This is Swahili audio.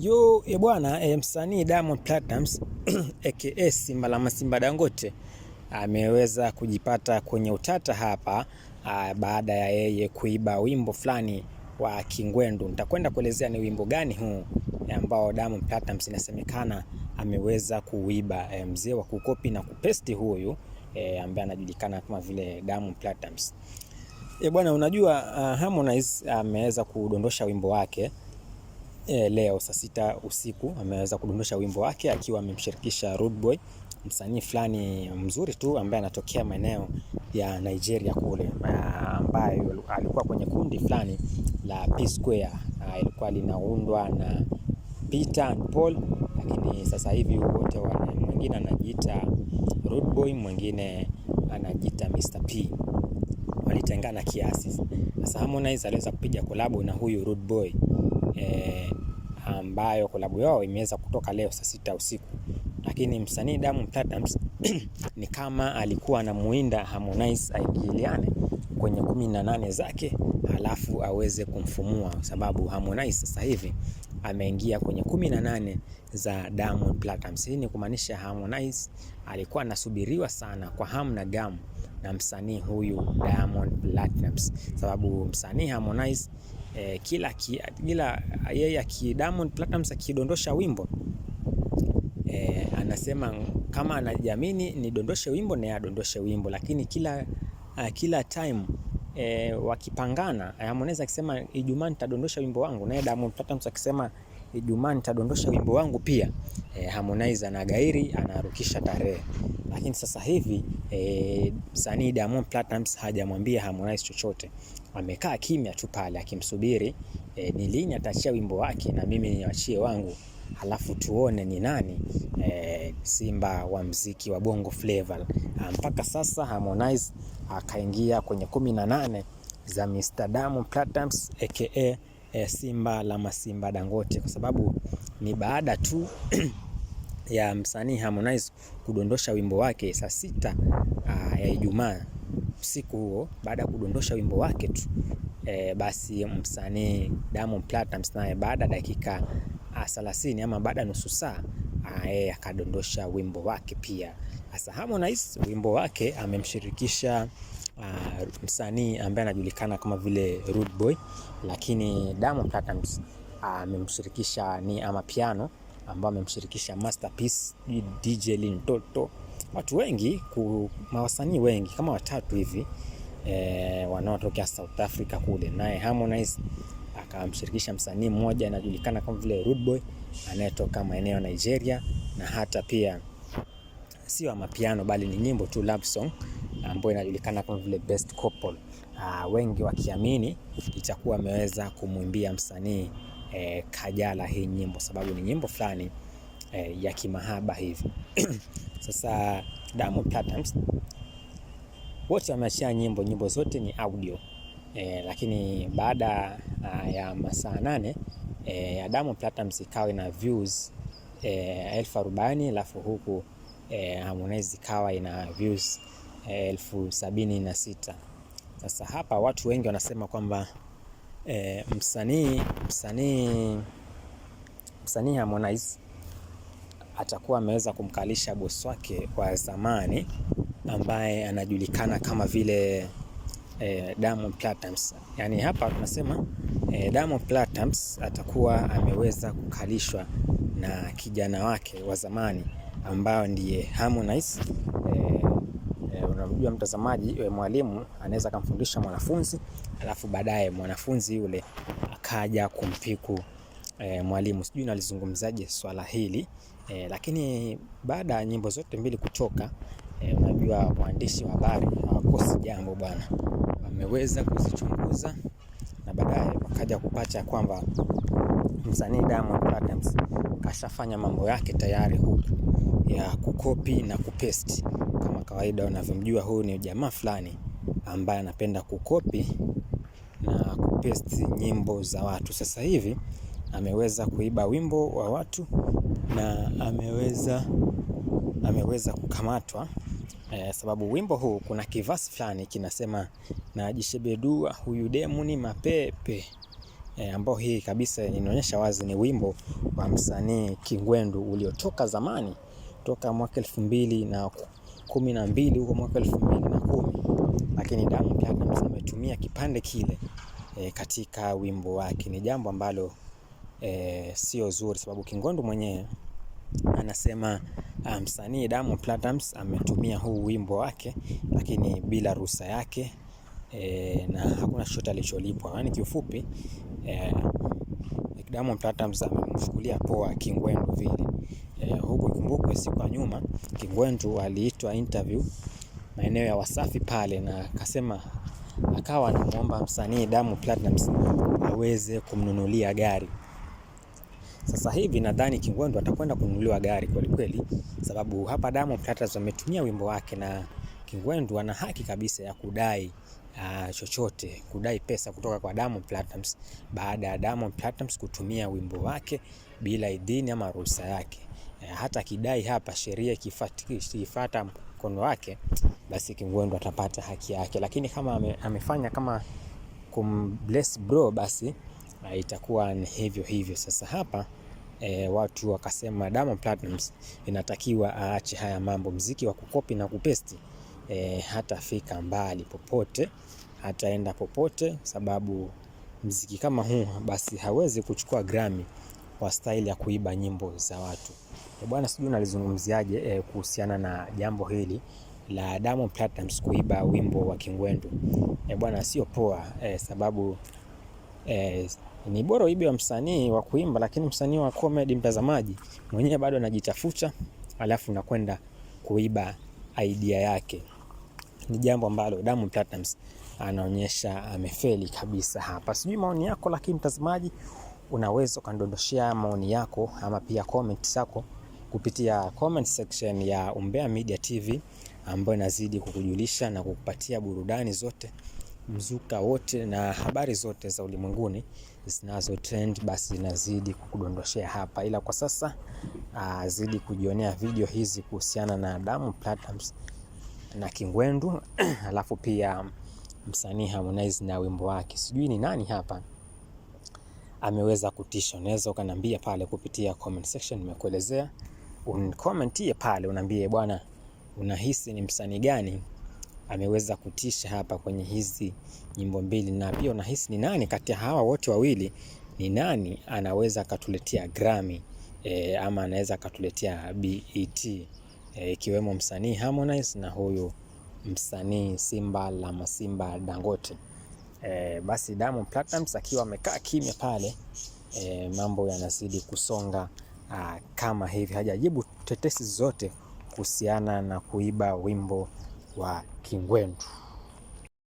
Yo e bwana e, msanii Diamond Platnumz aka Simba la Masimba Dangote ameweza kujipata kwenye utata hapa a, baada ya yeye kuiba wimbo fulani wa Kingwendu. Nitakwenda kuelezea ni wimbo gani huu e, ambao Diamond Platnumz inasemekana ameweza kuiba. E, mzee wa kukopi na kupesti huyu e, ambaye anajulikana kama vile Diamond Platnumz. E bwana, unajua uh, Harmonize ameweza kudondosha wimbo wake e, leo saa sita usiku ameweza kudondosha wimbo wake akiwa amemshirikisha Rude Boy, msanii fulani mzuri tu ambaye anatokea maeneo ya Nigeria kule, ambaye alikuwa kwenye kundi fulani la P Square, ilikuwa linaundwa na Peter and Paul, lakini sasa hivi wote wana, mwingine anajiita Rude Boy, mwingine anajiita Mr P. Walitengana kiasi. Sasa Harmonize aliweza kupiga kolabo na huyu Rude Boy. Eh, ambayo kolabu yao imeweza kutoka leo saa sita usiku, lakini msanii Diamond Platnumz ni kama alikuwa anamuinda Harmonize aingiliane kwenye kumi na nane zake halafu aweze kumfumua, sababu Harmonize sasa hivi ameingia kwenye kumi na nane za Diamond Platnumz. Hii ni kumaanisha Harmonize alikuwa anasubiriwa sana kwa hamu na gamu na msanii huyu Diamond Platnumz, sababu msanii Harmonize eh, kila kila yeye aki Diamond Platnumz akidondosha wimbo eh, anasema kama anajiamini nidondoshe wimbo na adondoshe wimbo, lakini kila, eh, kila time e, wakipangana Harmonize akisema Ijumaa nitadondosha wimbo wangu, naye Diamond Platnumz akisema Ijumaa nitadondosha wimbo wangu pia e, Harmonize anagairi anarukisha tarehe. Lakini sasa hivi e, eh, msanii Diamond Platnumz hajamwambia Harmonize chochote, amekaa kimya tu pale akimsubiri e, ni lini ataachia wimbo wake na mimi niachie wangu halafu tuone ni nani e, simba wa mziki wa bongo flavor. Ah, mpaka sasa Harmonize akaingia kwenye kumi na nane za Mr. Damu Platinums aka e, eh, simba la masimba Dangote, kwa sababu ni baada tu ya msanii Harmonize kudondosha wimbo wake saa sita ah, ya Ijumaa usiku huo, baada ya kudondosha wimbo wake tu e, basi msanii Diamond Platnumz naye baada dakika 30 ah, ama baada ya nusu saa aye ah, akadondosha wimbo wake pia. Sasa Harmonize wimbo wake amemshirikisha uh, msanii ambaye anajulikana kama vile Rude Boy, lakini Diamond Platnumz amemshirikisha uh, ni piano ambao amemshirikisha Masterpiece, DJ Lindoto, watu wengi, mawasanii wengi kama watatu hivi eh, wanaotokea South Africa kule, naye Harmonize akamshirikisha msanii mmoja anajulikana kama vile Rude Boy anayetoka maeneo ya Nigeria, na hata pia sio mapiano bali ni nyimbo tu love song ambayo inajulikana kama vile Best Couple. Aa, ah, wengi wakiamini itakuwa ameweza kumwimbia msanii e, Kajala hii nyimbo, sababu ni nyimbo fulani e, ya kimahaba hivi Sasa Diamond Platnumz wote wameachia nyimbo, nyimbo zote ni audio e, lakini baada ah, ya masaa nane e, ya Diamond Platnumz ikawa ina views eh, elfu arobaini alafu huku e, Harmonize ikawa ina views elfu sabini na sita. Sasa hapa watu wengi wanasema kwamba e, msanii msanii msanii Harmonize atakuwa ameweza kumkalisha bosi wake wa zamani ambaye anajulikana kama vile eh, Diamond Platnumz. Yani hapa tunasema eh, Diamond Platnumz atakuwa ameweza kukalishwa na kijana wake wa zamani ambao ndiye Harmonize. Eh, eh, unamjua mtazamaji, eh, mwalimu anaweza akamfundisha mwanafunzi alafu baadaye mwanafunzi yule akaja kumpiku eh, mwalimu. Sijui nalizungumzaje swala hili e, lakini baada ya nyimbo zote mbili kutoka eh, unajua waandishi wa habari hawakosi jambo bwana ameweza kuzichunguza na baadaye wakaja kupata kwamba msanii Diamond Platnumz kashafanya mambo yake tayari huku ya kukopi na kupesti. Kama kawaida unavyomjua, huyu ni jamaa fulani ambaye anapenda kukopi na kupesti nyimbo za watu. Sasa hivi ameweza kuiba wimbo wa watu na ameweza ameweza kukamatwa eh, sababu wimbo huu kuna kivasi fulani kinasema najishebedua huyu demu ni mapepe e, eh, ambao hii kabisa inaonyesha wazi ni wimbo wa msanii Kingwendu uliotoka zamani toka mwaka elfu mbili na kumi na mbili huko mwaka elfu mbili na kumi lakini Diamond Platnumz ametumia kipande kile e, katika wimbo wake. Ni jambo ambalo e, sio zuri, sababu Kingwendu mwenyewe anasema Ah, msanii Diamond Platnumz ametumia huu wimbo wake lakini bila ruhusa yake e, na hakuna chochote alicholipwa. Yaani kiufupi e, Diamond Platnumz amemchukulia poa Kingwendu vile. E, eh, huko kumbukwe, siku ya nyuma Kingwendu aliitwa interview maeneo ya Wasafi pale, na akasema akawa anamwomba msanii Diamond Platnumz aweze kumnunulia gari. Sasa hivi nadhani Kingwendu atakwenda kununuliwa gari kweli kweli, sababu hapa Diamond Platnumz wametumia wimbo wake na Kingwendu ana haki kabisa ya kudai uh, chochote kudai pesa kutoka kwa Diamond Platnumz baada ya Diamond Platnumz kutumia wimbo wake bila idhini ama ruhusa yake. Uh, hata kidai hapa sheria ikifuata mkono wake, basi Kingwendu atapata haki yake, lakini kama ame, amefanya kama kumbless bro basi itakuwa ni hivyo hivyo. Sasa hapa e, watu wakasema Diamond Platnumz inatakiwa aache haya mambo, mziki wa kukopi na kupesti e, hatafika mbali popote, hataenda popote, sababu mziki kama huu basi hawezi kuchukua Grammy kwa staili ya kuiba nyimbo za watu. E, bwana sijui nalizungumziaje e, kuhusiana na jambo hili la Diamond Platnumz kuiba wimbo wa Kingwendu. E, bwana sio poa e, sababu eh, ni bora uibe wa msanii wa kuimba, lakini msanii wa comedy, mtazamaji mwenyewe bado anajitafuta, alafu nakwenda kuiba idea yake. Ni jambo ambalo Diamond Platnumz anaonyesha amefeli kabisa hapa. Sijui maoni yako, lakini mtazamaji, unaweza ukandondoshea maoni yako ama pia comment zako kupitia comment section ya Umbea Media TV ambayo inazidi kukujulisha na kukupatia burudani zote mzuka wote na habari zote za ulimwenguni zinazo trend basi nazidi kukudondoshea hapa, ila kwa sasa aa, ah, zidi kujionea video hizi kuhusiana na Diamond Platnumz na Kingwendu alafu pia msanii Harmonize na wimbo wake, sijui ni nani hapa ameweza kutisha. Unaweza ukaniambia pale kupitia comment section, nimekuelezea unikomentie pale, unaambie bwana, unahisi ni msanii gani ameweza kutisha hapa kwenye hizi nyimbo mbili, na pia unahisi ni nani kati ya hawa wote wawili, ni nani anaweza akatuletea Grammy e, ama anaweza akatuletea BET eh, ikiwemo e, msanii Harmonize na huyu msanii Simba la Masimba Dangote. E, basi Diamond Platnumz akiwa amekaa kimya pale e, mambo yanazidi kusonga a, ah, kama hivi hajajibu tetesi zote kuhusiana na kuiba wimbo wa Kingwendu.